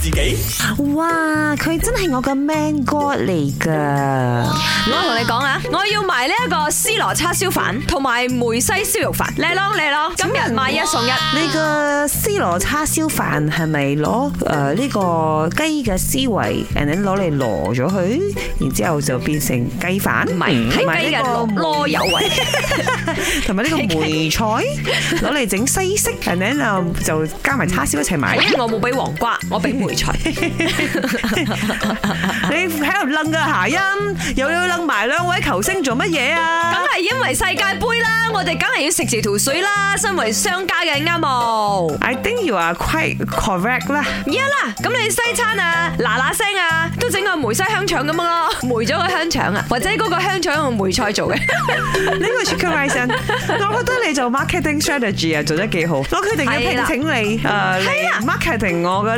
自己，哇！佢真係我個 man 哥嚟噶，的我同你講啊，我要買呢一個 C 羅叉燒飯，同埋梅西燒肉飯，嚟咯嚟咯。咁人買一送一，呢個 C 羅叉燒飯係咪攞誒呢個雞嘅絲圍，然後攞嚟攞咗佢，然之後就變成雞飯，唔係是，係呢，這個囉柚圍，同埋呢個梅菜攞嚟整西式，然後就加埋叉燒一齊買。因為我冇俾黃瓜。我俾梅菜， 你喺度楞個諧音，又要楞埋兩位球星做乜嘢啊？梗係因為世界杯啦，我哋梗係要食字圖水啦。身為商家嘅，啱冇？I think you are quite correct 啦。而家、yeah、啦，咁你西餐啊，嗱嗱聲啊，都整個梅西香腸咁樣咯、啊，梅咗個香腸啊，或者嗰個香腸用梅菜做嘅。呢個 suggestion，我覺得你做 marketing strategy 啊，做得幾好。我決定要聘請你，誒啦、uh,，marketing 我嘅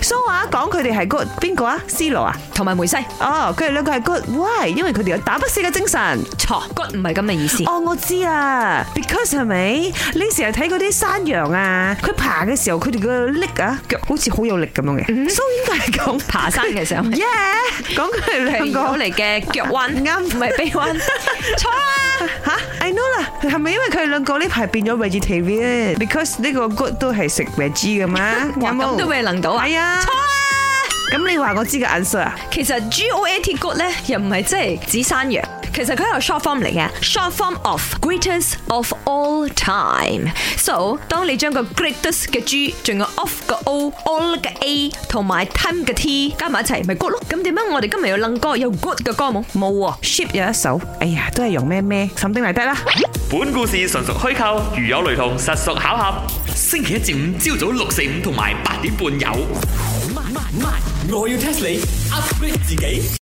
蘇瓦講佢哋係 good 邊個啊？C 羅啊，同埋梅西。哦，佢哋兩個係 good why？因為佢哋有打不死嘅精神。錯，good 唔係咁嘅意思。哦，我知啊，because 係咪？你成日睇嗰啲山羊啊，佢爬嘅時候，佢哋嘅力啊，腳好似好有力咁樣嘅。蘇、嗯、應該係講爬山嘅時候。耶，yeah 講佢哋兩個嚟嘅腳溫啱，唔係背溫。錯。吓，I know 啦，係咪因為佢哋兩個呢排變咗 vegetarian？Because 呢個 goat 都係食 veggie 噶嘛，滑都未能到啊！係啊，錯啊，咁你話我知個 answer 啊？其實 G O A T goat 咧，又唔係即係指山羊。其實佢係個 short form 嚟嘅，short form of greatest of all time。So，當你將個 greatest、er、嘅 g，仲有 of 個 o，all 嘅 a，同埋 time 嘅 t 加埋一齊，咪、就是、good 咯。咁點解我哋今日要撚歌，有 good 嘅歌冇？冇啊。ship 有一首，哎呀，都係用咩咩 s 定嚟得啦。本故事純屬虛構，如有雷同，實屬巧合。星期一至五朝早六四五同埋八點半有。我要 test 你，upgrade 自己。